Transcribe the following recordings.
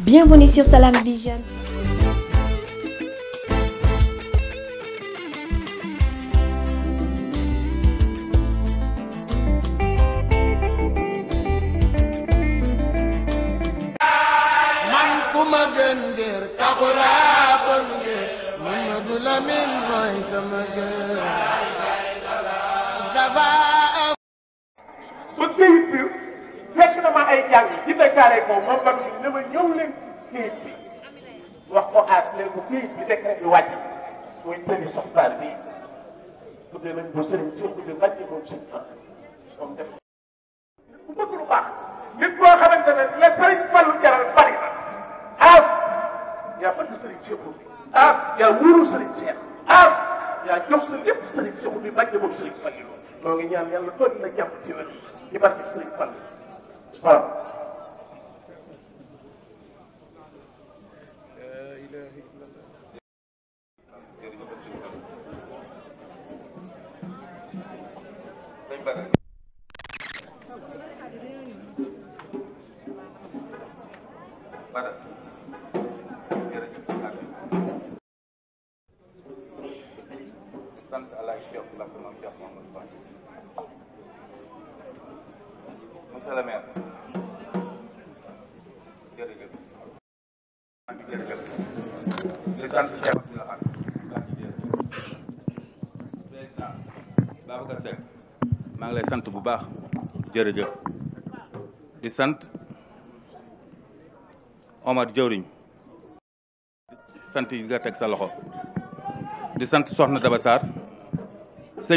Bienvenue sur Salam Vision. Euh. fekk na ma ay jàng déclaré ko moom mag bi ne ma ñëw leen ci kayit bi wax ko xaas ne ko kayit bi décret bi wàcc muy tëri soxbaar bi tuddee nañ bu sëriñ si bu dee wàcc moom sëriñ fan moom def ku bëgg lu baax nit boo xamante ne la sëriñ Fallu jaral bari xaas yaa bëgg sëriñ Seexu bi xaas yaa wóoru sëriñ Seex xaas yaa jox sa lépp sëriñ Seexu bi bàcc moom sëriñ Fallu moo ngi ñaan yàlla doon na jàmm ci wér ci barke sëriñ Fallu waaw monsieur maa ngi lay sant bu baax jërëjëf di sant Omar Diawriñ sant yi teg sa loxo di sant Soxna Daba Sarr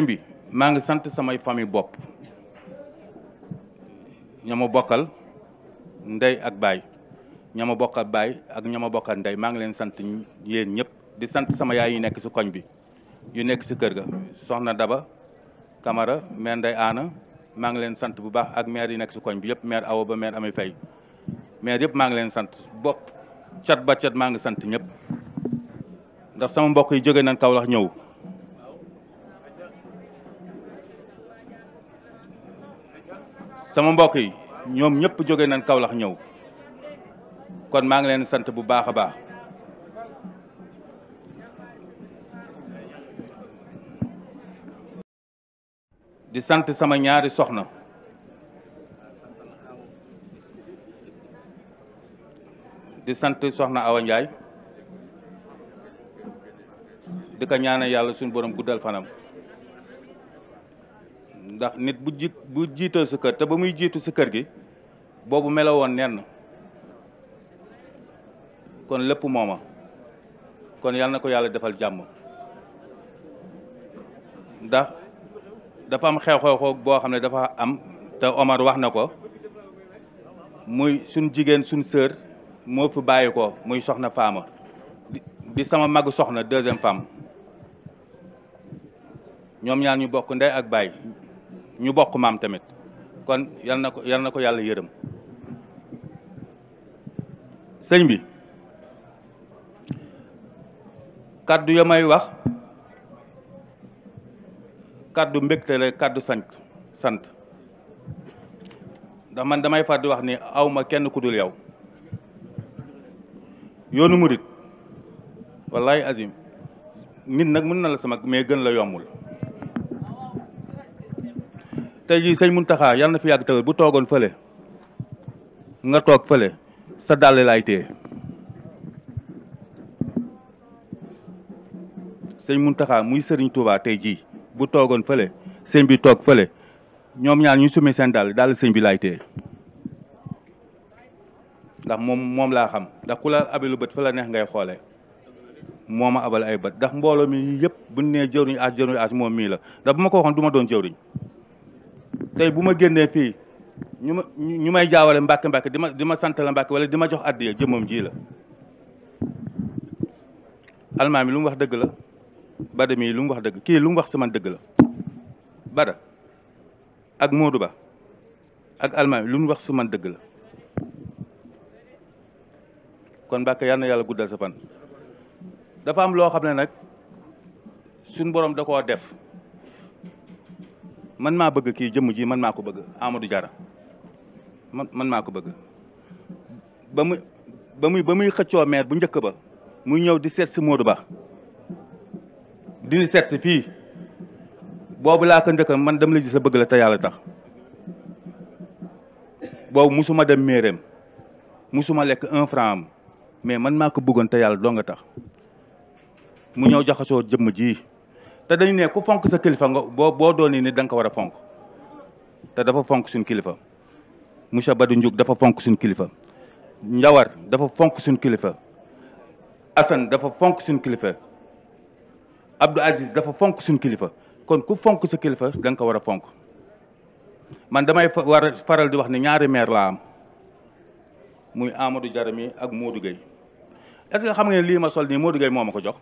bi maa ngi sant samay famille bopp ña ma bokkal ndey ak baay ña ma bokkal baay ak ña bokkal ndey maa ngi leen sant yéen ñëpp di sant sama yaay yu nekk si koñ bi yu nekk si kër ga soxna Daba kamara meen Ndey Aana maa ngi leen sant bu baax ak maire yi nekk si koñ bi yëpp maire Awa ba maire Ami Faye maire yëpp maa ngi leen sant bopp cat ba cat maa ngi sant ñëpp ndax sama mbokk yi jóge nañ Kaolack ñëw sama mbokk yi ñoom ñëpp jóge nañ Kaolack ñëw kon maa ngi leen sant bu baax a baax di sant sama ñaari soxna di sant soxna Awa Ndiaye di ko ñaanal yàlla suñu borom guddal fanam ndax nit bu ji bu jiitoo si kër te ba muy jiitu si kër gi boobu melowoon nenn kon lépp mooma kon yàlla na ko yàlla defal jàmm ndax dafa am xew-xew boo xam ne dafa am te Omar wax na ko muy suñ jigéen suñ sœur moo fi bàyyi ko muy soxna faama bi sama magu soxna deuxième femme ñoom ñaan ñu bokk ndey ak baay ñu bokk maam tamit kon yal na ko yal na ko yàlla yërëm sëñ bi kàddu ya may wax kàddu mbégte la kàddu sant sant ndax man damay far wax ni awma kenn ku dul yow yoonu murit wallahi azim nit nag mun na la sama mais gën la yombul tey jii sëñ taxaa yàlla na fi yàgg tawér bu toogoon fële nga toog fële sa dàll laay téye sëñ Muntaxa muy sëriñ tuubaa tey jii bu toogoon fële sëñ bi toog fële ñoom ñaan ñu summi seen dàll dàll sëñ bi laay téye ndax moom moom laa xam ndax ku la abalu bët fa la neex ngay xoole moom ma abal ay bët ndax mbooloo mi yëpp bu nee jëwriñ as jëwriñ as moom mii la ndax bu ma ko waxoon du ma doon jëwriñ tey bu ma génnee fii ñu ma ñu may jaawale mbàkke mbàkke di ma di ma sant la mbàkke wala di ma jox addiya jëmmam ji la almaam yi lu mu wax dëgg la bada mii lu mu wax dëgg kii lu mu wax si man dëgg la bada ak Modou Ba ak almaam lu mu wax si man dëgg la kon mbàkke yal na yàlla guddal sa fan dafa am loo xam ne nag suñ boroom da koo def man maa bëgg kii jëmm ji man maa ko bëgg Amadou Diarra man man maa ko bëgg ba mu ba muy ba muy xëccoo maire bu njëkk ba muy ñëw di seet si Modou Ba dini seet si fii boobu laa ko njëkk man dama la gis sa bëgg la te yàlla tax boobu musuma dem maireem musuma lekk en franc am mais man maa ko bëggoon te yàlla doo nga tax mu ñëw jaxasoo jëmm jii te dañu ne ku fonk sa kilifa nga boo boo doonee ni da nga ko war a fonk te dafa fonk suñ kilifa monsieur Badou Ndiouk dafa fonk suñ kilifa Njawar dafa fonk suñ kilifa Assane dafa fonk suñ kilifa Abdou Aziz dafa fonk suñ kilifa kon ku fonk sa kilifa da nga ko war a fonk man damay war a faral di wax ni ñaari meer laa am muy Amadou Diarra mi ak Modou Gueye est-ce xam nga lii ma sol nii Modou Gueye moo ma ko jox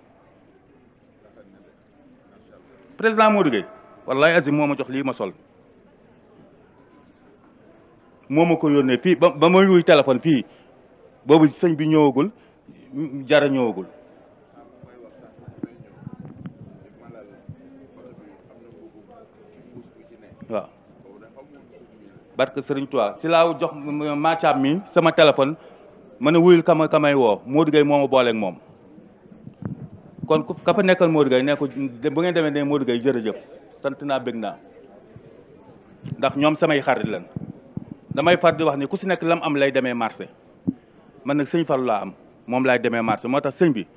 président Modou Gueye wallaay Azim moo ma jox lii ma sol moo ma ko yónnee fii ba ba ma yuy téléphone fii boobu sëñ bi ñëwagul jara ñëwagul. waaw barke Serigne Touba si laa jox Mathiam mi sama téléphone ma ne wuyul kama kamay woo Modou Gueye moo ma booleeg moom. kon ku ka fa nekkal Modou Gueye ne ko bu ngeen demee ne Modou Gueye jërëjëf sant naa bëgg naa ndax ñoom samay xarit lan damay far di wax ni ku si nekk lam am lay demee marché man nag sëñ Fallou laa am moom laay demee marché moo tax sëñ bi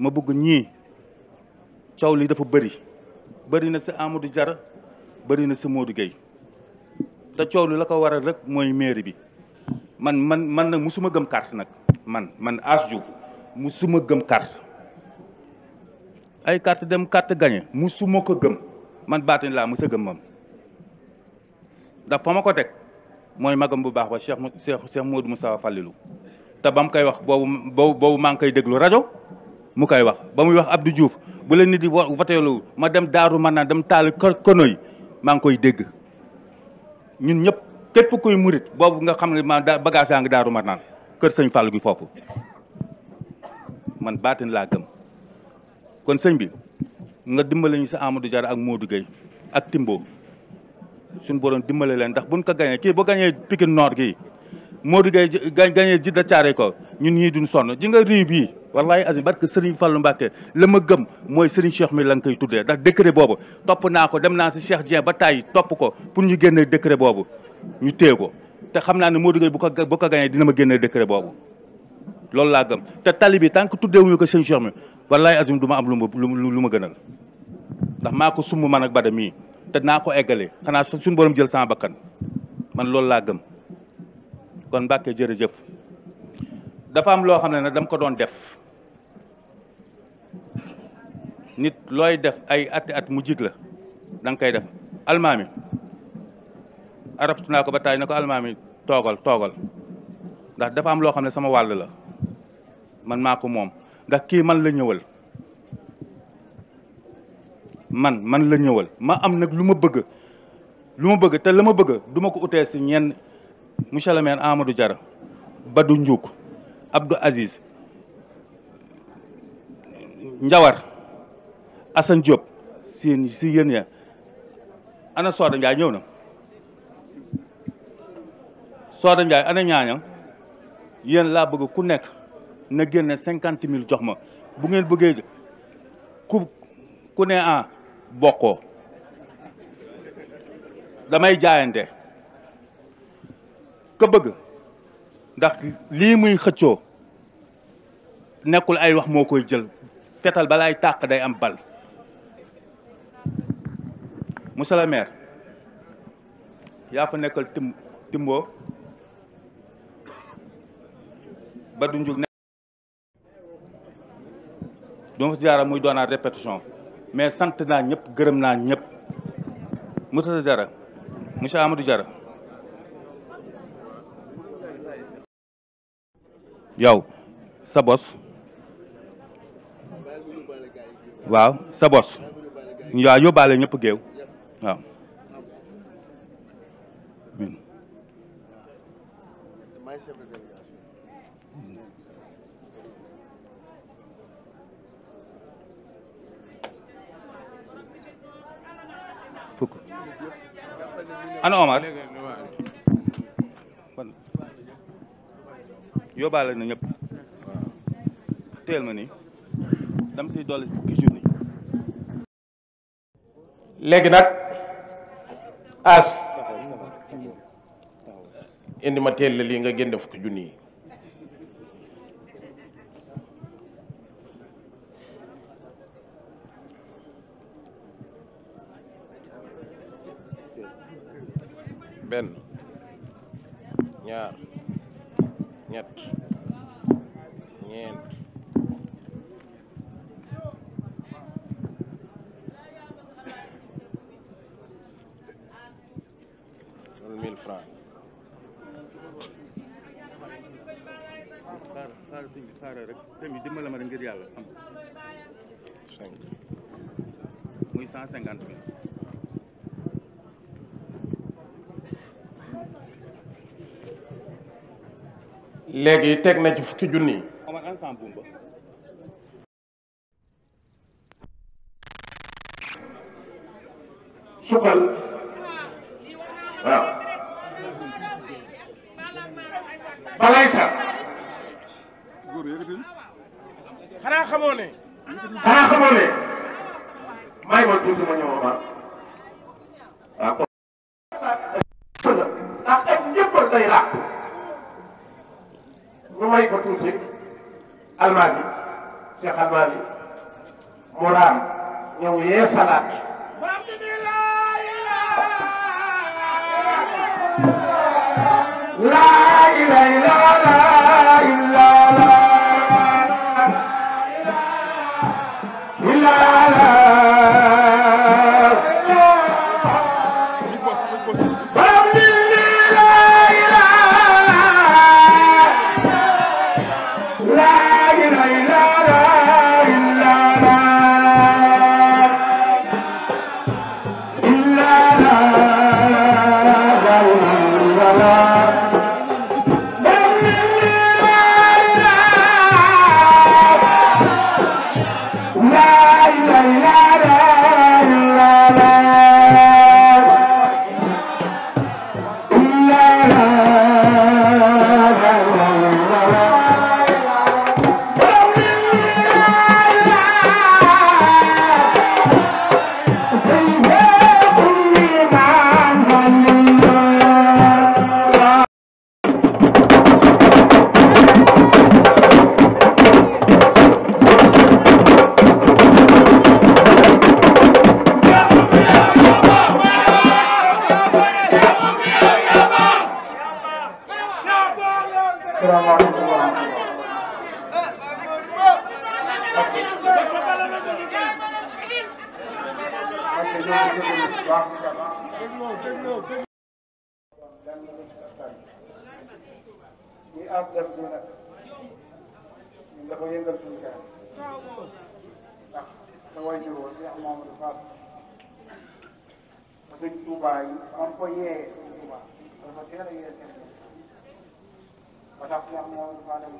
ma bëgg ñii coow lii dafa bëri bëri na si Amadou Diarra bëri na si Modou Gueye te coow li la ko waral rek mooy mairie bi man man man nag musuma gëm carte nag man man As mu suma gëm carte ay kart dem carte gagné musuma ko gëm man baatuñ laa mos a gëm moom ndax ma ko deg mooy magam bu baax ba Cheikh Cheikh Cheikh Modou Moustapha Fallilou te ba mu koy wax boobu boobu boobu maa ngi koy déglu rajo mu koy wax ba muy wax Abdou juuf bu leen nit di voteelu ma dem daaru man naa dem taal kono yi maa ngi koy dégg ñun ñëpp képp kuy murit boobu nga xam ne ma bagage yaa ngi daaru man naan kër sëñ Fallou bi foofu man baatin laa gëm kon sëñ bi nga dimbale ñu si Amadou Diarra ak Modou Gueye ak Timbo suñu borom dimbale leen ndax buñ ko gañee kii boo gañee Pikine Nord gii Modou Gueye gañee ji da caare ko ñun ñii duñ sonn ji nga riib yi wallahi azim barke Serigne fallu Mbacke la ma gëm mooy Serigne Cheikh mi la nga koy tuddee ndax décret boobu topp naa ko dem naa si Cheikh Dieng ba tàyyi topp ko pour ñu génne décret boobu ñu téye ko te xam naa ne Modou Gueye bu ko bu ko gañee dina ma génne décret boobu loolu laa gëm te tali bi tant que tuddee wuñu ko Serigne wallaay azum du ma am lu ma lu ma gënal ndax maa ko sumb man ak bada mii te naa ko eggale xanaa suñu borom jël sama bakkan man loolu laa gëm kon Mbàkke jërëjëf dafa am loo xam ne nag dama ko doon def nit looy def ay ati at mu jig la da nga koy def almaami araftu naa ko ba taay na ko almaami toogal toogal ndax dafa am loo xam ne sama wàll la man maa ko moom ndax kii man la ñëwal man man la ñëwal ma am nag lu ma bëgg lu ma bëgg te la ma bëgg du ma ko utee si ñenn monsieur le maire Amadou Diarra Badou Ndiouk Abdou Aziz Njawar Assane Diop si si yéen ya ana Soda Ndiaye ñëw na Soda Ndiaye ana ñaañam yéen laa bëgg ku nekk na génn cinquante mille jox ma bu ngeen bëggee ku ku ne ah bokkoo damay jaayante ka bëgg ndax lii muy xëccoo nekkul ay wax moo koy jël fetal balaay tàq day am bal monsieur le maire yaa fa nekkal tim ba du njug duma fa jaara muy doonaat répétition mais sant naa ñëpp gërëm naa ñëpp Moussa Diarra monsieur Amadou Diarra yow sa bos waaw sa bos waaw yóbbaale ñëpp géew waaw fukk ana Omar yóbbaale na ñëpp teel ma ni dam siy dolli fukki junni léegi nag as indi ma teel la lii nga génne fukki junni léegi teg na ci fukki junni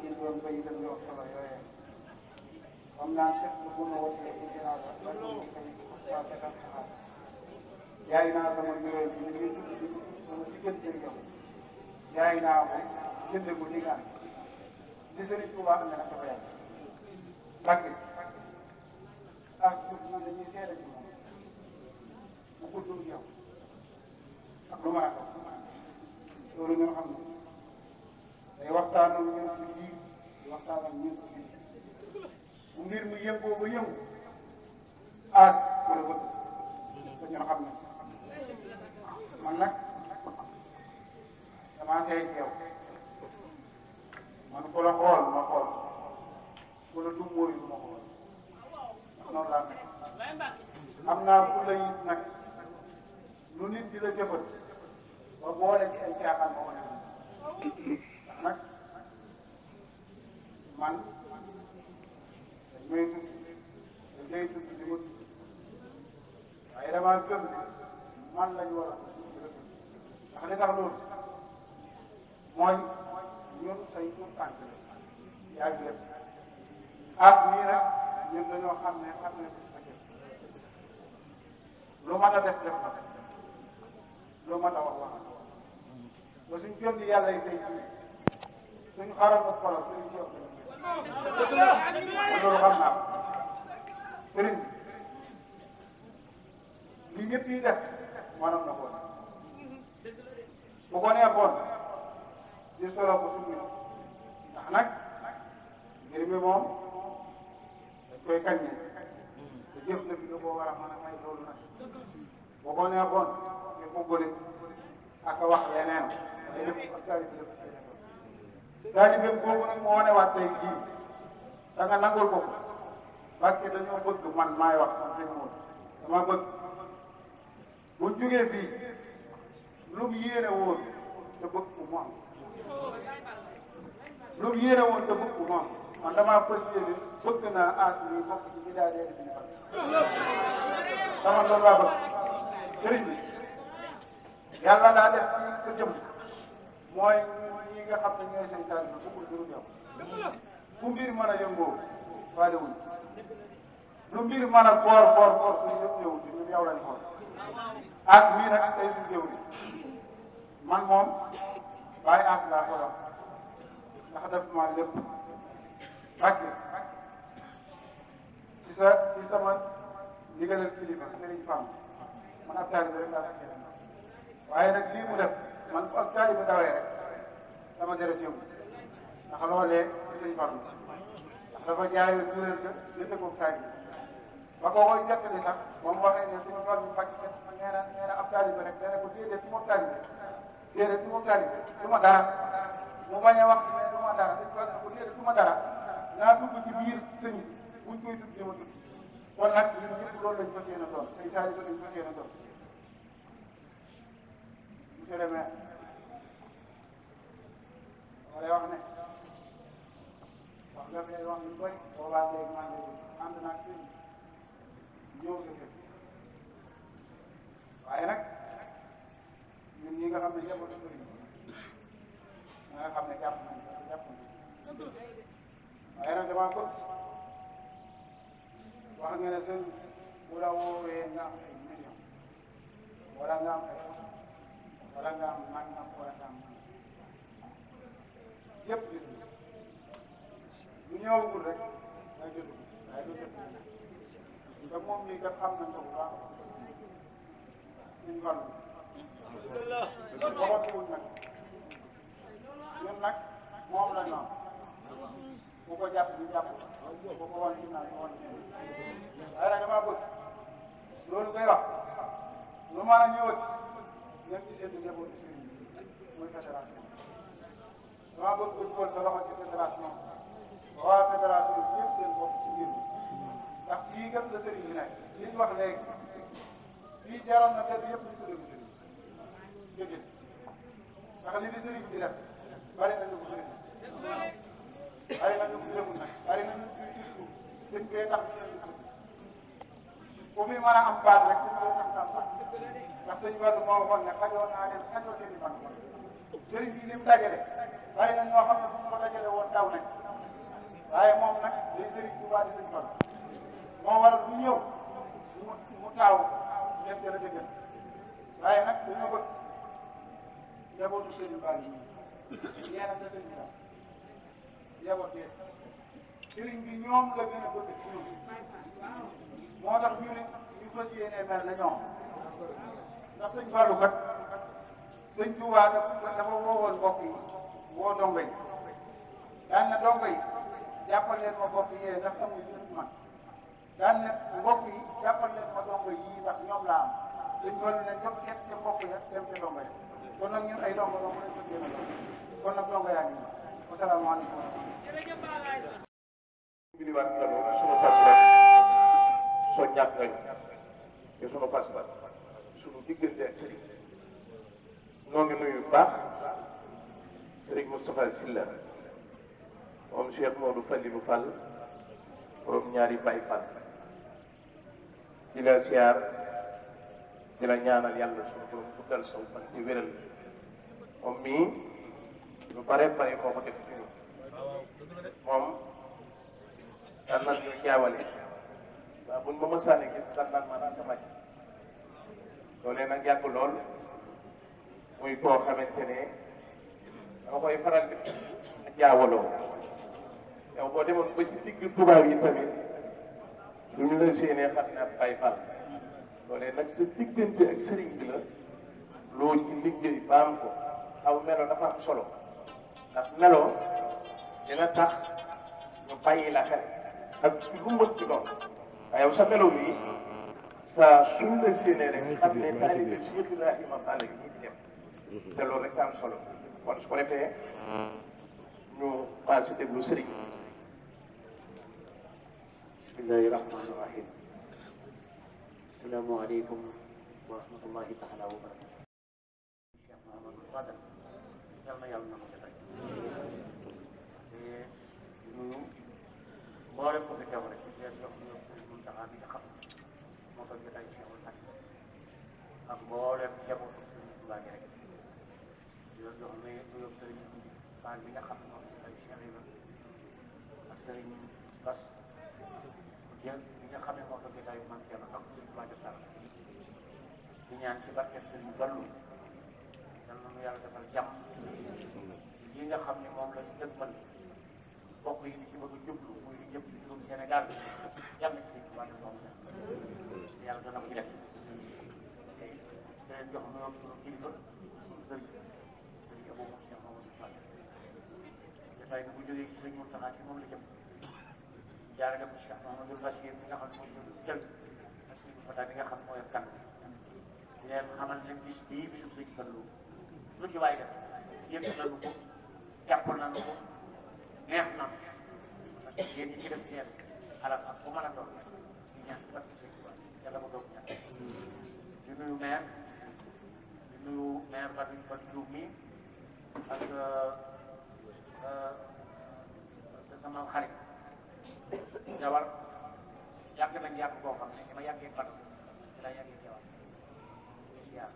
jël doon béykat yoo solo yooyee xam naa fekk bu mun a wotee ci ginnaaw ba ba ñu ngi koy saa fekkal xalaat jaay naa sama bureau bi li muy tudd di sama diggante yow jaay naa ko jënd ko li nga am li Sëriñ Tuubaa am na dafa yàgg bakk ak ah, tuuti man dañuy seede ci moom bu guddul yow ak lu ma la ko loolu ñoo xam ne day waxtaan ak ñun ci biir di waxtaan ak ñun ci biir bu mbir mu yëngoo ba yëngu aas ma la bëgg te ñun xam nañ man nag damaa seeg yow man ku la xool ma xool ku la du mooy ma xool noonu laa nekk di la jëfat ba boole ci ay caaxaan ba ko nag man dañ may tudd dañ may tudd li man lañ war a ndax li tax loolu mooy ñun say tur tànk la yaa ngi lépp as nii rek ñun dañoo xam ne xam ne sa a def def na lu mat a wax wax ba suñ jot yàlla yi tey suñu xaaral ko xoolal suñu si yokku loolu xam naa li ñëpp yi def maanaam na ko bu ko neexoon di solo ko suñu ndax nag mbir mi moom dañ koy kaññe te jëf na bi nga ko war a mën a may loolu nag bu ko neexoon di fuggale ak wax leneen taalibeem boobu nag moo wanewaat tey jii da nga nangul ko ko parce que dañoo bëgg man maay wax man seen moom dama bëgg bu jógee fii mu yéene woon te bëgg ko mu am mu yéene woon te bëgg ko mu am man damaa fas yéene bëgg naa aas mi bokk ci ñi daa dee di fan dama loolu laa bëgg sëriñ bi yàlla daa def ci sa ñi nga xam ne ñooy seen taalibe bëggul lu ñëw fu mbir mën a yëngoo faale wuñ lu mbir mën a koor koor koor suñu ñëpp ñëw di ñun yow lañ xool ak mii nag tey suñu jëw man moom bàyyi as laa ko wax ndax def ma lépp bàkke ci sa ci sama ndigalal kilifa Serigne Fam man ab taalibe rek laa waaye nag lii mu def man ku ab taalibe dawee rek sama deret yow ndax loolee sëñ Fallu ndax dafa jaayoo jural ka jënd ko taaj ba ko koy jottali sax moom waxee ne suñu Fallu Mbàkke nee na nee na ab taalibe rek dana ko déedéet du ma taalibe déedéet du ma taalibe du ma dara mu bañ a wax dara suñu ko déedéet du dara naa dugg ci biir sëñ buñ koy tudd di ma tudd kon nag ñun ñëpp loolu lañ fas yéene doon ay taalibe lañ fas yéene doon monsieur wala wax ne wax nga fee wax ñu bëri boobaa léegi man léegi ànd naa sëñ ñëw sa kër waaye nag ñun ñi nga xam ne jàppatu ko ñi nga xam ne jàpp nañ ko jàpp nañ waaye nag damaa ko wax nga ne sëñ bu la woowee nga am ay million wala nga am ay wala nga am nangam wala nga am yëpp jot na lu ñëwagul rek day jot waaye du jot te moom mii kat xam nañ ko bu baax suñ wàllu waxatuwul nag ñun nag moom la ñu am bu ko jàpp ñu jàpp bu ko wan ginnaaw ñu wan ginnaaw waaye nag damaa bëgg loolu ngay wax lu ma la ñëwati ngeen gisee di njabootu sëriñ muy fédération dama bëgg nga dugal sa loxo ci fédération waa fédération bi ñëpp seen bopp ci mbir mi ndax fii gën la sëriñ bi nekk li ñu wax léegi fii jaroon na dëkk yëpp ñu tuddee ko sëriñ jóge ndax li li sëriñ bi def bari na ñu ko sëriñ bari na ñu ko jëmul nag bari na ñu ko jëmul sëñ bee tax ñu leen di ku fi mën a am baat rek sëñ bee tax ñu am baat ndax sëñ Badou moo waxoon ne xajoon naa leen xajoo seen i banque sëriñ bi lim dajale bari na ñoo xam ne bu ñu ko dajale woon daw nañ waaye moom nag day sëriñ bu baax di sëriñ Fall moo waral bu ñëw mu mu taaw def gën a dëgër waaye nag dañoo bëgg njabootu sëriñ Fall yi yéen a des sëriñ Fall njaboot yéen sëriñ bi ñoom la gën a bëgg ci ñoom moo tax ñu ne ñu fas yéenee mel na ñoom ndax sëriñ Fallu kat. sëñ Tuubaa dafa woowoon mbokk yi woo dongo yi daan na dongo yi jàppal leen ma mbokk yi ndax am leen ma dongo yi ndax ñoom laa am dañ toll ne ñoom képp ca mbokk ya dem dongo ya kon nag dongo dongo lañ ko dongo yaa ngi ñu wasalaamaaleykum biliwaat kano sunu sunu pas-pas noo ngi nuyu baax sëriñ Moustapha Silla moom Cheikh Modou Fallilu Fall borom ñaari Baay Fall di la siyaar di ñaanal yàlla suñu borom guddal saw fan di wéral moom mii lu bare bare moo ko def ci moom daan naan ñu jaawale waaw buñ ma mësaane gis daan naan maanaam sama ji loolee nag yàgg lool muy koo xamante ne dama koy faral di jaawaloo yow boo demoon ba ci digg tubaab yi tamit lu ñu la séenee xam ne ab bay fal loolee nag sa diggante ak sëriñ bi la loo ci liggéey baam ko aw melo dafa am solo ndax melo dina tax ñu bàyyi la xel ak ci lu mën ci doon waaye sa melo bi sa suñ la séenee rek xam ne taalibe Cheikh Ibrahima Fall te loolu rek am mm-hmm. solo kon su ko defee ñu passé déglu bismillahi rahmaani rahim asalaamu aleykum wa rahmatullahi taala wa barakatu cheikh mahamadou fadal yal na yàlla na ko jotay nuyu mboolem ko loolu jox na nuyoo sëriñ Fall bi nga xam ne moom ay bi nga xam ne moo fa jotaayu man kenn ak sëriñ Bada Sall di ñaan ci barke sëriñ jàmm yi nga xam ne moom la ñu dëgmal bokk yi di ci bëgg a jublu muy di jëm ci suuf Sénégal bi yàlla ci moom la yàlla dana ko def Abdoulaye bu jógee ci sëñ Mountakha ci moom la jëm jaaree dem ci Cheikh Mahamadou Bachir bi nga xam ne mooy jëm jël suñu fataa bi nga xam mooy kan di leen xamal ne bis bii bisu sëñ Fallu lu ci waay def yëpp nañu ko jàppal nañu ko neex na parce que yéen ñi ci def seen alal ak bu mën a doon ñu ñaan ba ci sëñ Fallu yàlla ba doog ñaan di nuyu maire di nuyu maire Badou Badou Diouf mi ak sa sama xarit jawar yàgg nañ yàgg boo xam ne dama yàggee Badou dina yàggee jawar di siyaar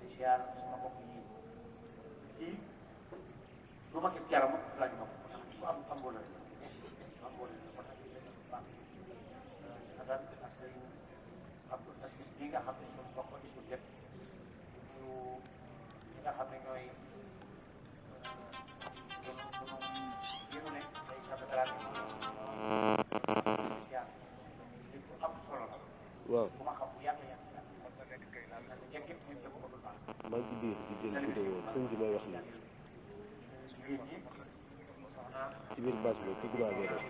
di siyaar sama bopp yi kii lu ma gis jaram laaj ma ko tax ku am am boole am boole ko tax baax euh, ak sëriñ Abdou Asis bi nga xam ne waaw maa ngi ci biir di jël vidéo sëñ bi may wax nii ci biir bâche bi fii Duba ngay def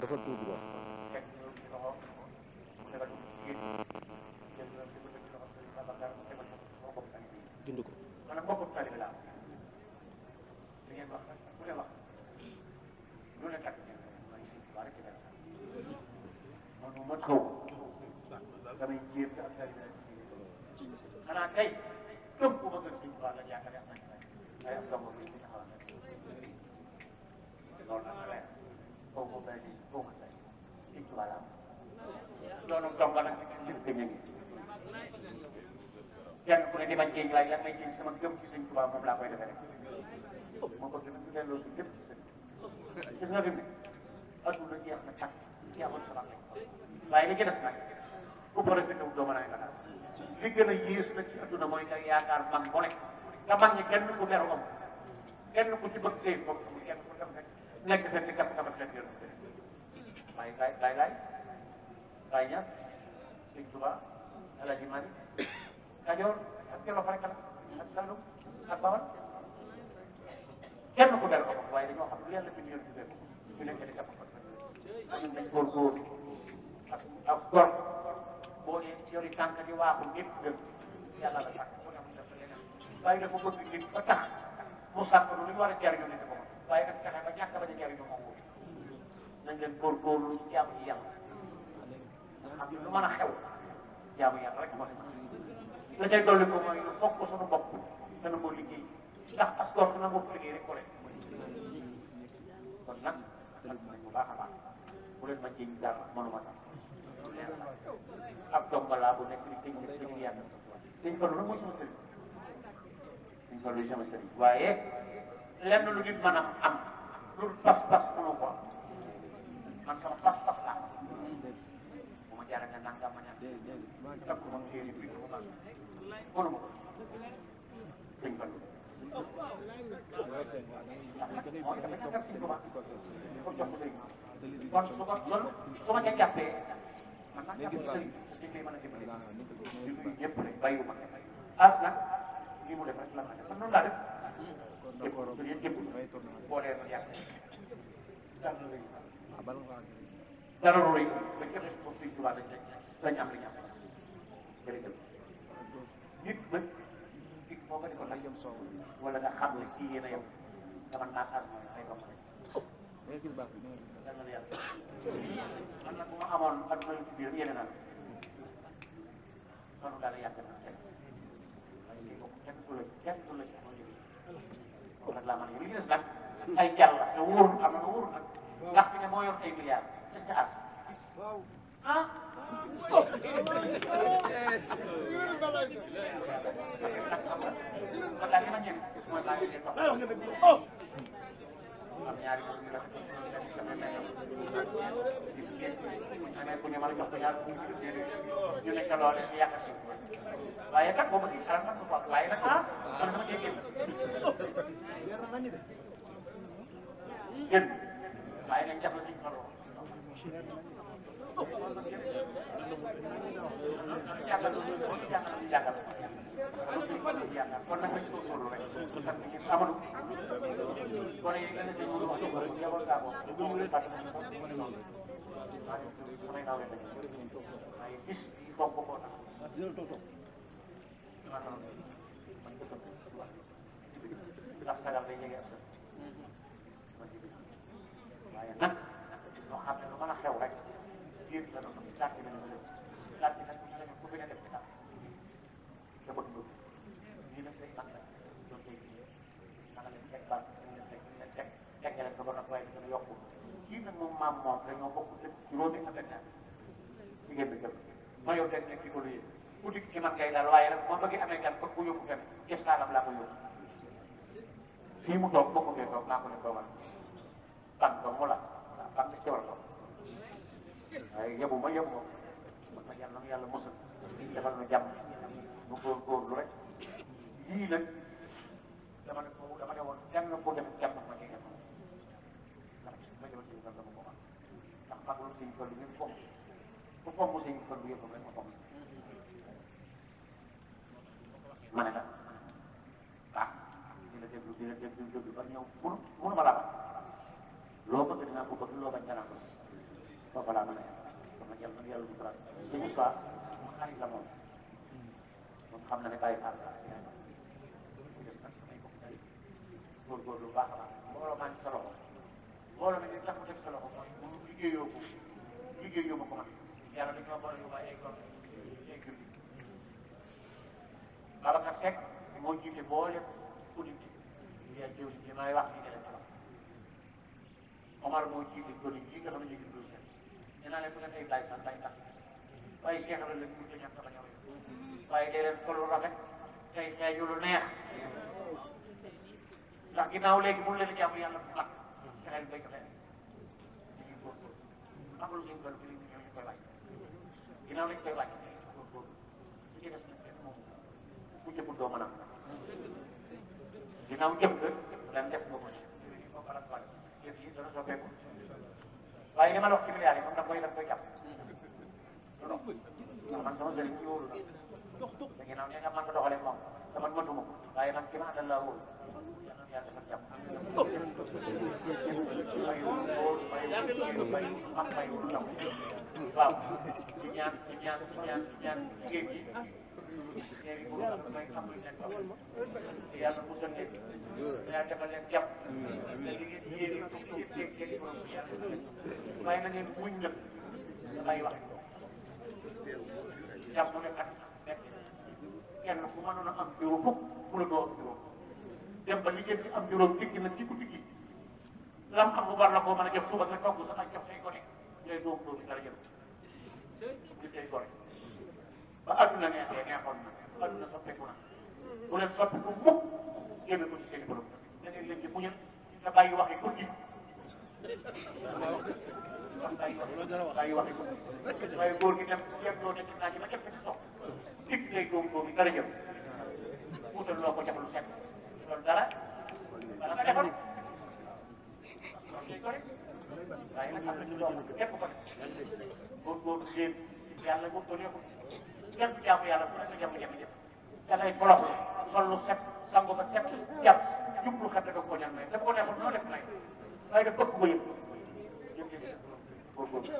dafa tuur Duba. damay jéem te ak taalibe rek ci xanaa kay képp ku bëgg Sëñ Tuubaa nag yaakaar am nañu ay am ndox bi ci taxawal rek loolu nag leer boo ko bay boo ko say Sëñ Tuubaa la am loolu dong nag lim gëj a ngi kenn ku ne di ma jéem waaye lan may jéem sama gëm ci Sëñ Tuubaa moom laa koy defee rek ma ko gëm ñu delloo si lépp ci sëñ gis nga fi mu ne adduna jeex na tàkk jeexul sama waaye li ci des nag ku boole fi ñëw doo mën a émergence li gën a yées nag ci adduna mooy nga yaakaar mag boole nga mag ñi kenn ku beru am kenn ku ci bëgg sëy bopp kenn ku dem rek nekk seen li kap kapat seen yoon waaye gaay gaay gaay gaay ñaar sëñ Tuba Alaaji Malik Kajoor ak Jolof rek la ak Saalum ak Bawal kenn ku beru am waaye dañoo xam lu yàlla bind yoon bi beru ñu nekk li kap kapat dañ góorgóor ak ak gor boo dee yori tànk di waaxu nit gën yàlla la sàkk mu ne mu def leneen waaye dafa bëgg nit ba tax mu sàkk lu ñu war a jariñu nit ko waaye nag fexe ba ñàkk ba ñu jariñu moom wut na ngeen góorgóorlu jaamu yàlla xam ne lu mën a xew jaamu yàlla rek moo fi la cay dolli ko mooy ñu fokk suñu bopp te nu ko liggéey ndax as góor su nangoo liggéey rek ko rek kon nag sant nañ bu baax a baax bu leen ma jiñ dara mënuma dara ab dombalaa bu nekk di tëj nekk di yàgg suñ fa lu mooy sama sëriñ suñ pas-pas mënu ko man sama pas-pas laa bu ma jaaree ne nangam ma ñaan takk ma téere bi ko ma mënu ma mais gis naa ñëpp rek bàyyiwuma as nag lii mu def rek la ma def man noonu laa def. d'accord yëpp yëpp boo dee ba yàgg dara lu rëy ba képp si bopp Sëriñ Tuubaa dañ dañ am li ñu am jërëjëf nit nag nit boo ko defoon nag wala nga xam ne kii yéen a yow dama naan as mooy ay bopp rek man nag bu ma amoon at ma ci biir yéene na loolu daal yàgg na kenn kenn du la kenn du la moom nag laa mën a li gis nag ay jàll la te wóorul am na lu wóorul nag ndax fi ne moo yor ay milliards est-ce que as ah kon daal li ma ñëw mooy maa ngi leen am ñaari góor ñu def ko ñu nekk bu ñu mën a jox ko ñaar bu ñu nekk loole ñu yàq si waaye kat boobu si xaram nag ko waaye nag ah man dama cee génn génn waaye nañ jàpp si xaroo jàngal jàngal kon nag nañ góorgóorlu rek sant ñi Amadou kon yéen a ngi leen di wax yabal gaa ko parce que moom mu ne noonu samay naaw leen dañuy waaye gis toog ko koo tax maanaam man dëkkam ndax sagar day jege askan man ci biir waaye nag ñoo xam ne lu mën a xew rek biir la doon laaj bi nañ ko def laaj bi nag ku fi ne def ci tax da ko dugg ñu ne seen banque doon tey bii da nga leen teg banque dañ leen teg dañ leen teg teg leen ko ba nag waaye dina yokku kii nag moom maam moom dañoo bokk lépp juróomi ak ak ñaar jigéen bi gëm ma yow teg nekk ki ko lu yéen guddi ci man ngay dal waaye nag moom bëgg amee gan bëgg ko yóbbu fenn gestaanam laa ko yóbbu fii mu toog bokku fee toog naa ko ne toogal banque ba mu la waaw banque ci war a toog waaye yebu ma yebu ma man ma yàlla na yàlla mosal defal na jàmm lu góorgóorlu rek lii nag dama ne ko dama ne woon kenn ko dem kenn ma ci def ndax dajewal sëñ Fallu dama ko man ndax magul sëñ Fallu ñun fomm ku fomm sëñ Fallu yëpp rek ma fomm ma ne la ah dina déglu dina déglu déglu ba ñëw mënu mënu ma laa loo bëgg dinaa ko bëgg loo bañ danaa ko foofu laa mën a yem dama jël man yàlla du faral te ñun quoi ma xarit la moom moom xam na ne bàyyi faam la góorgóorlu baax a baax mbooloo maa ngi sa loxo mbooloo mi ne tax mu def sa loxo mooy bu liggéeyoo ko liggéeyoo ko ko man yàlla dañoo boole yu ay góor ay kër yi Babacar Seck moo jiite boole politique yi ak jiw ji may wax ñu ne la Omar moo jiite politique yi nga xam ne ñu ngi dul seen dinaa leen mën a tey bàyyi sax bàyyi tax waaye Cheikh la la ñu ko ñàkk a bañ waaye dee leen solu rafet tey xeeñu lu neex ndax ginnaaw léegi mënu leen jàmm yàlla bu mag fexeel ba joxe dañuy góorgóorlu amul suñu bëri bu ñu ñu koy wàcc ginnaaw lañ koy wàcc góorgóorlu su ci des nag def moom ku jëful doo mën a ginnaaw jëf nga daan def nga mën yëf yi dana soppeeku waaye li ma la wax ci milliards yi moom da koy da koy jàpp man sama sëriñ ñëwul dox dox da ngeen am ñoo ñam man ko doxalee moom te man mënuma ko waaye man ki ma àndal laa wóor yàlla dafa jàpp mayul góor mayul jigéen mayul mag mayul ndaw waaw di ñaan di ñaan di ñaan di ñaan jigéen yi jigéen yi boobu nag may xam lu nekk ba te yàlla mu doon leen yàlla defal leen jàpp te li ngeen yéene ko yëpp yëpp yëpp borom ko yàlla waaye na ngeen muñ nag ay wax jàpp nag ak kenn bu mënoon a am juróom fukk mënatoo am juróom dem ba lijjanti am juróom digg na diggu diggi la koo mën a def suba nga togg sax ak jox say gone ngay doog doog ba adduna neexee neexoon na adduna soppeeku na bu leen soppeeku mukk génn ko ci seen borom da ngeen leen di muñal te bàyyi waxi ko lépp lay dóomu dóomu dara jëm wutal loo ko jafalu set loolu dara dara nga defal waaye nag am na ci doom képp ko góorgóorlu leen yàlla góor ko neexul kenn du jaamu yàlla ku nekk jafe-jafe jëf da ngay bolof sol lu set sangu ba set jàpp jublu xam ne da ko ñaan may dafa ko neexul noo def may waaye daf bëgg ko yëpp yëpp yëpp góorgóorlu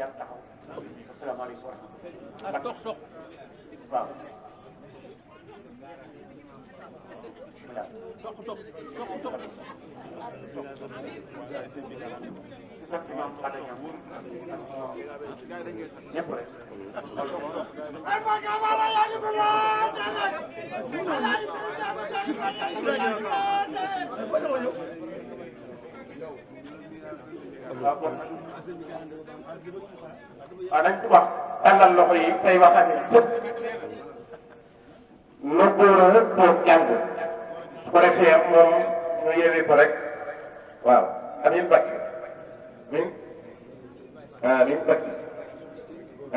yàlla taxaw asalaamaaleykum wa rahmatulah waaw voilà topp topp topp topp sant ñoom Fane ak ñoom ñëpp rek. Thank you. waaw dañ ko wax tàllal loxo yi tey waxaat yi sëpp na góor a toog jàng moom ñu yeewee ko rek waaw amin bakki min amin bakki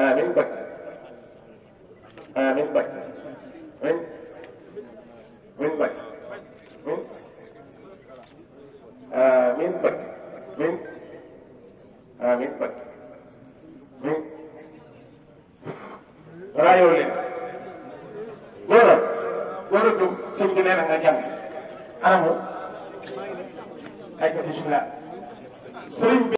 amin bakki amin bakki min min bakki min amin bakki min amin Mbacke min raayoo leen góor a góor a dugg sëñ bi nee na nga jàng anamu ay bismillah sëriñ bi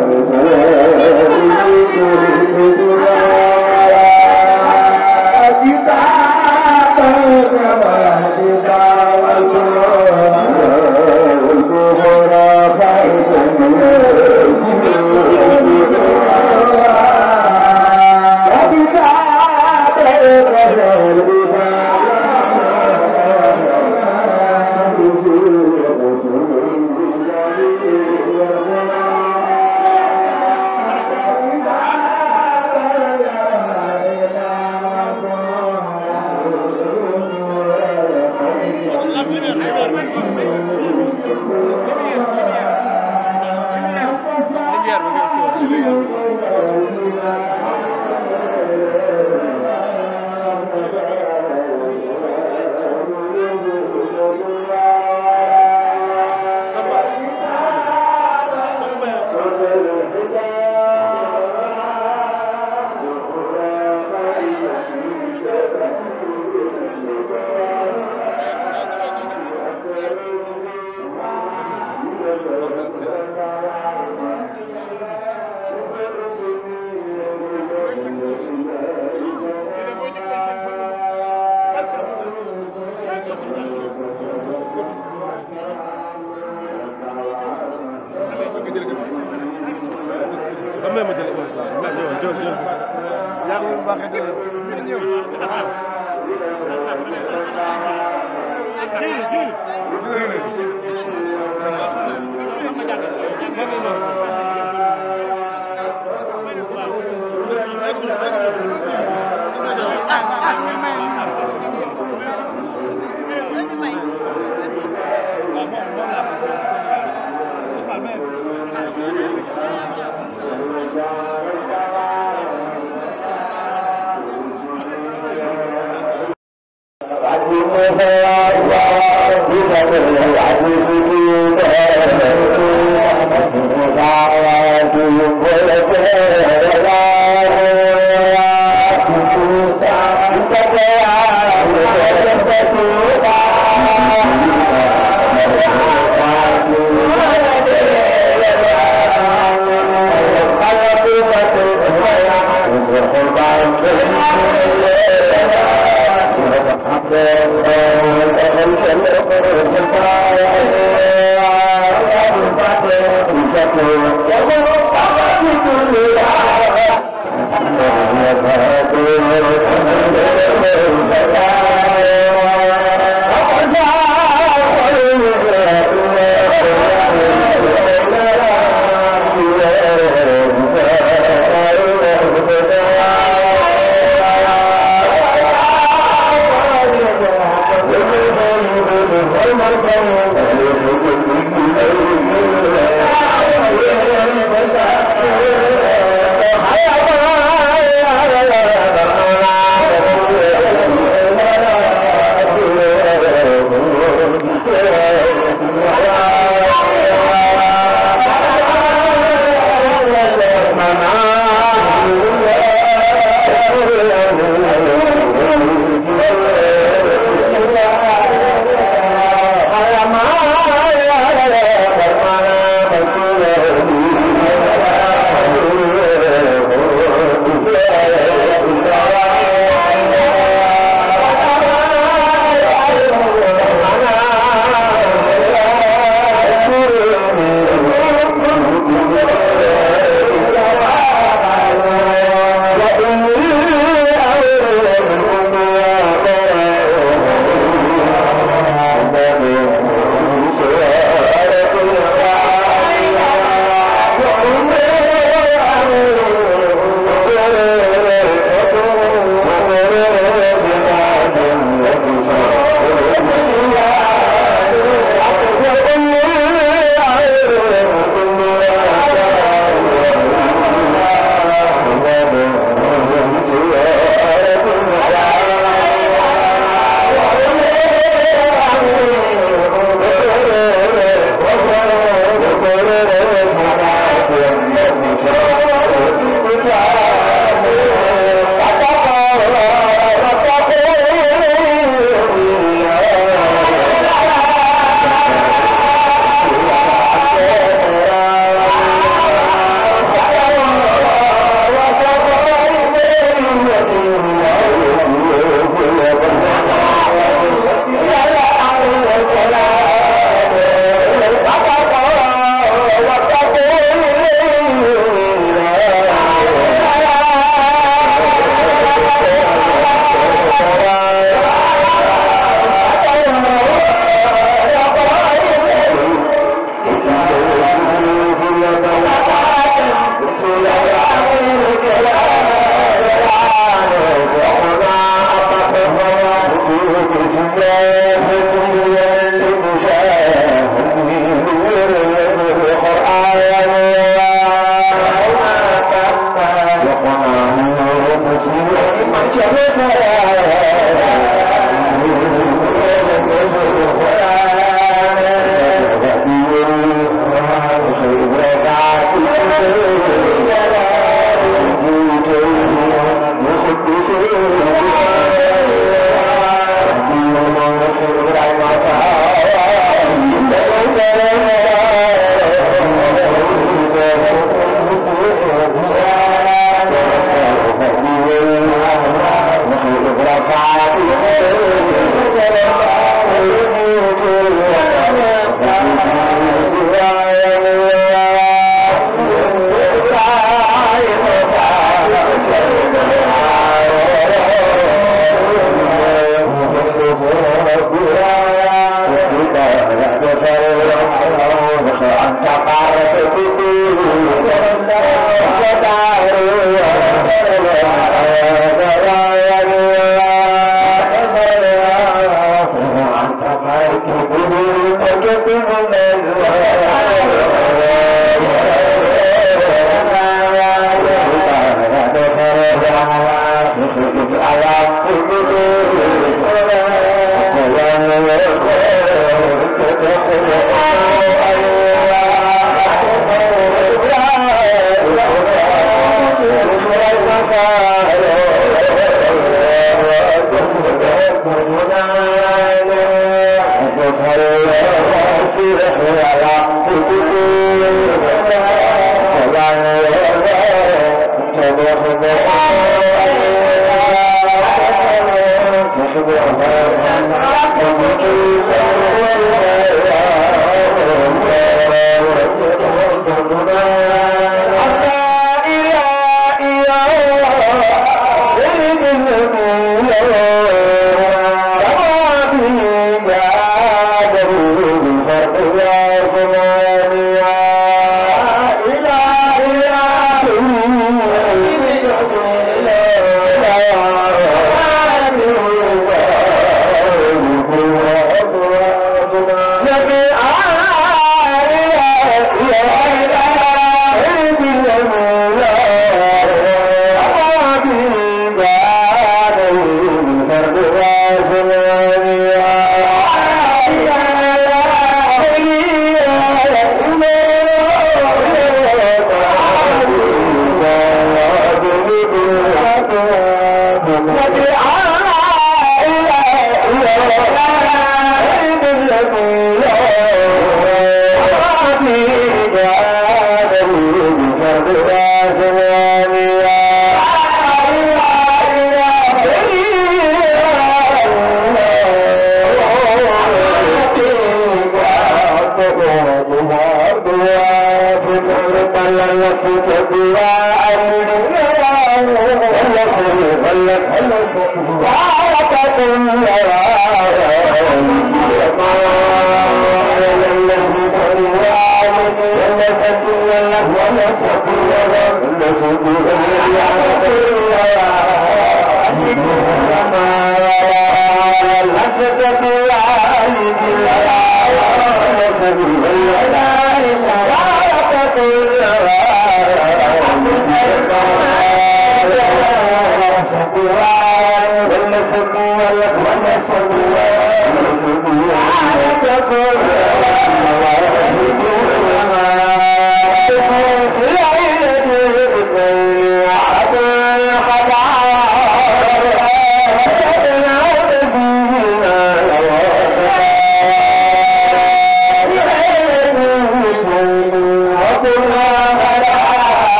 Thank you. Thank you. Thank you.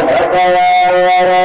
أقوى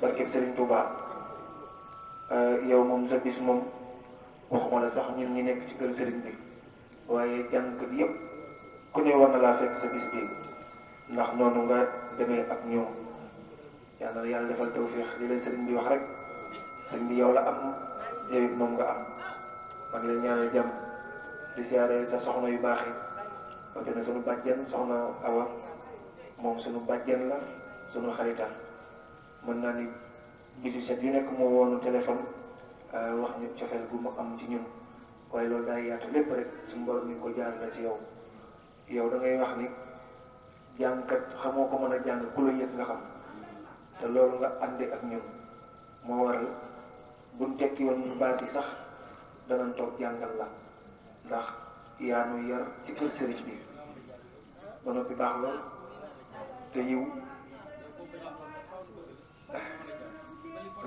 barke Serigne Touba euh, yow moom sa bis moom waxuma la sax ñun ñi nekk ci kër Serigne bi waaye jàngkat yëpp ku ne war na laa fekk sa bis bi ndax noonu nga demee ak ñoom yàlla na yàlla defal tawféex li la Serigne bi wax rek Serigne bi yow la am yow it moom nga am maa ngi leen jàmm di siyaare sa soxna yu baax yi ba dina sunu bàjjen soxna Awa moom sunu bàjjen la sunu xarita mën naa ni bisu set yu nekk moo woonu téléphone euh, wax ñu cofeel bu mu am ci ñun waaye loolu daay yaatu lépp rek suñu borom ñu ngi ko jaarale ci yow yow da ngay wax ni jàngkat xamoo ko mën a jàng ku la yëg nga xam te loolu nga àndi ak ñun moo waral buñ tekki woon ñu baas yi sax danañ toog jàngal la ndax yaa nu yar ci kër sëriñ bi ba noppi baax lool te yiw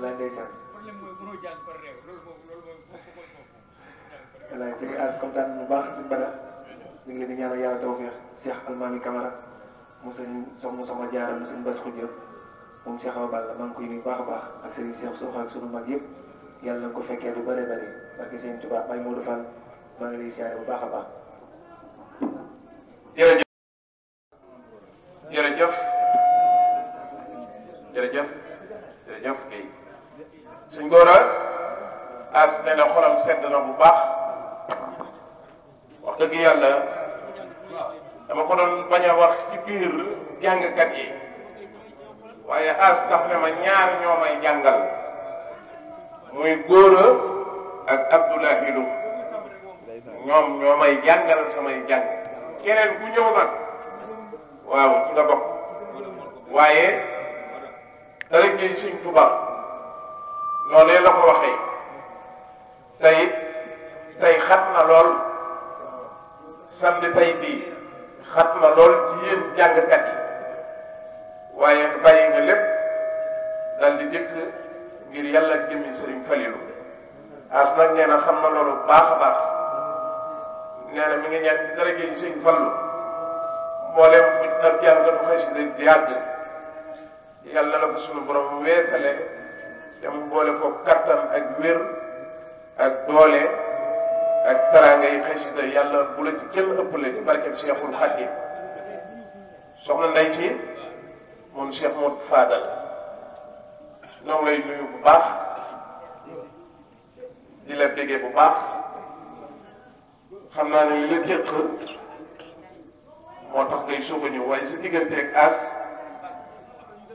walaay ndeysaan. problème mooy mënoo jàng par réew loolu moom loolu mooy foofu mooy foofu. walaay suñu as kontaan bu baax suñu bala ñu ngi leen di ñaanal yàlla tawfeex a Almami Camara mu sëñ soxna soxna Diarra mu sëñ Bass Khoudia moom Cheikh Awa Balla maa ngi koy baax a baax ak Serigne Cheikh Soxna ak sunu mag yëpp yàlla nañ ko fekkee du bëree bëri parce que seen tubaab Baye Modou Fall maa ngi lay bu baax a baax. góor as ne na xolam sedd na bu baax wax dëgg yàlla dama ko doon bañ a wax ci biir jàngkat yi waaye as tax ne ma ñaar ñoo jàngal muy góor a ak Abdoulahi Lo ñoom ñoo jàngal samay jàng keneen ku ñëw nag waaw ci nga bokk waaye dara jëy Sëñ Tuubaa loolee la ko waxee tey tey xat lool samedi tay bii xat na lool ci yéen jàngkat yi waaye bàyyi nga lépp dal di dikk ngir yàlla jëmmi Falilu as nag na xam na loolu baax a baax nee na mi ngi ñaan ci dara gi sëriñ Fallu mboolem fu nag jàngatu xasida di yàgg yàlla la ko sunu borom weesale te mu boole ko kattan ak wér ak doole ak taraanga yi xasida yàlla bu la ci kenn ëppale ci barkeb Cheikhul Khadim soxna nday si moom Cheikh Modou Fadal ñoo nuyu bu baax di la bégee bu baax xam naa ne li la téq moo tax ngay sóoba ñëw waaye su digganteeg as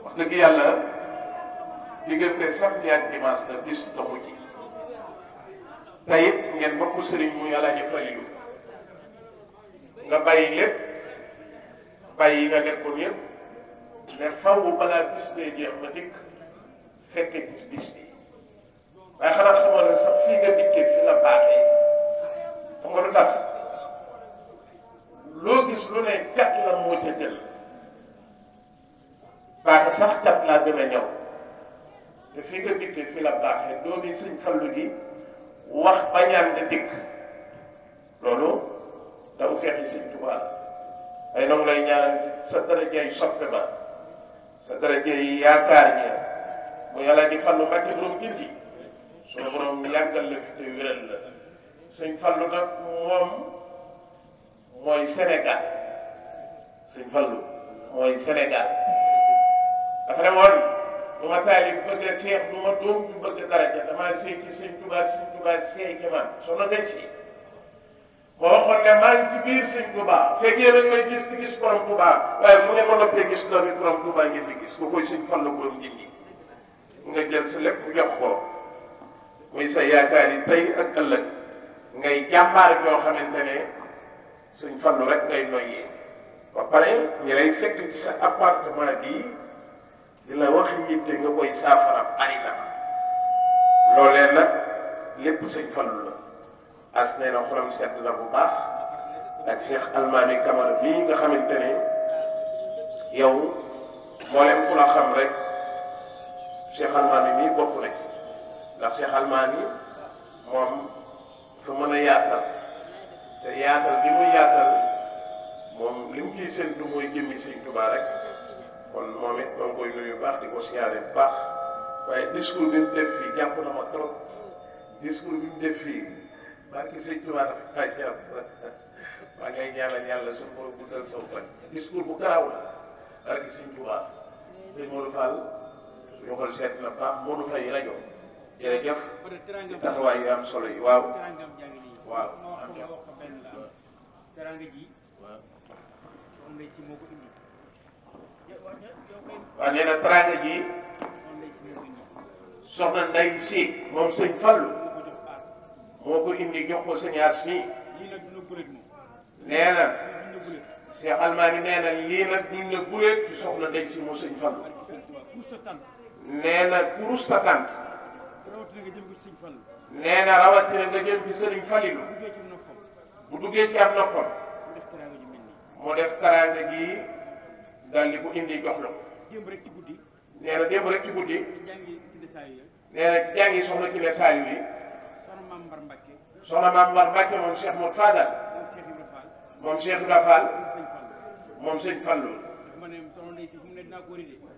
wax dëgg yàlla diggante samedi ak dimanche la bis ndoxu ji te it ngeen bokk sëriñ muy Alaaji Falilu nga bàyyi lépp bàyyi nga nekkoon yëpp ne faw balaa bis bee jeex ba dikk fekke bis bis bi waaye xanaa xamoon ne sax fii nga dikkee fi la baaxee xam nga tax loo gis lu ne cat la moo ca jël baaxe sax cat laa gën a ñëw te fi nga dikkee fi la baaxee doomi sëñ Fallu ji wax bañaan nga dikk loolu daw feexi sëñ Tuubaa ay noonu lay ñaan sa darajay soppe ba sa darajay yaakaar ñi mu yàlla di Fallu Mbàkke borom indi sunu borom yàggal la fi te wéral la sëñ Fallu nag moom mooy Sénégal sëñ Fallu mooy Sénégal dafa ne woon ma taalib bëgg a seex du ma doom ju bëgg daraja damaa seey ci sëñ Tuubaa sëñ Tuubaa seey ci man sono deg si ma waxoon ne maa ngi ci biir sëñ Tuubaa fekkee nañ may gis di fu ngeen ma gis doomi borom Tuubaa ngeen di gis bu koy sëñ fan la koon jindi nga jël si lépp jox ko muy sa yaakaar yi tey ak ëllëg ngay jàmbaar joo xamante ne sëñ Fallu rek ngay noyyee ba pare ñi lay fekk ci sa appartement bii di la wax yitte nga koy saafara bari la loolee nag lépp sëñ Fallu la as na xolam sedd la bu baax ak Cheikh Almaami Kamara bii nga xamante ne yow moo leen ku la xam rek Cheikh Almaami mii bokk na ndax Cheikh Almaami moom fa mën a yaatal te yaatal li muy yaatal moom li mu ciy séntu mooy jëmmi sëñ Tuubaa rek. kon moom it maa ngi koy baax di ko siyaare bu baax waaye discours bi mu def fii jàpp na ma trop discours bi mu def fii barki sëñ Tuubaa dafa jàpp maa ngi lay ñaanal yàlla su borom guddal saw fan discours bu garaaw la barki sëñ Tuubaa sëñ Modou Fall suñu xool seet na baax Modou Faye rajo jërëjëf taxawaay yu am solo yi waaw waaw am na waaw. waaw nee na teraanga ji soxna nday si moom sëñ Fallu moo ko indi jox ko sëñ As mi nee na Cheikh Almaani lii nag duñ ne buleet ci soxna si moom sëñ Fallu nee na kurus ta tànk a na rawatina nga jëm bu duggee ci am noppam mu def teraanga ji daal di ko indi jox la ko. démb rek ci guddi. nee na démb rek ci guddi. nee na jàngi soxna Kine Saliou yi. soxna Maam Mbar Mbacke moom Cheikh Modou Fadal. moom Cheikh Ibra Fall. moom Sëñ Fallu.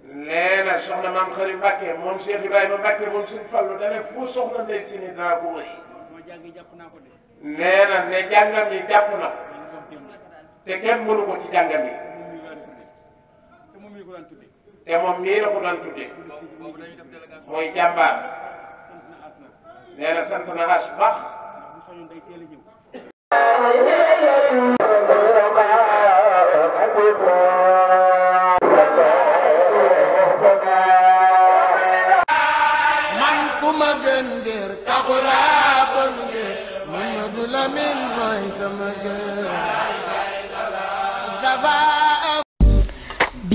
nee na soxna Maam Xari Mbacke moom Cheikh Ibrahima Mbacke moom Sëñ Fallu dana fu soxna Ndey si ni dinaa ko wëri. nee na ne jàngam yi jàpp na. te kenn mënu ko ci jàngam yi. te moom nii la ko doon tuddee mooy jàmbaar nee na sant na as baax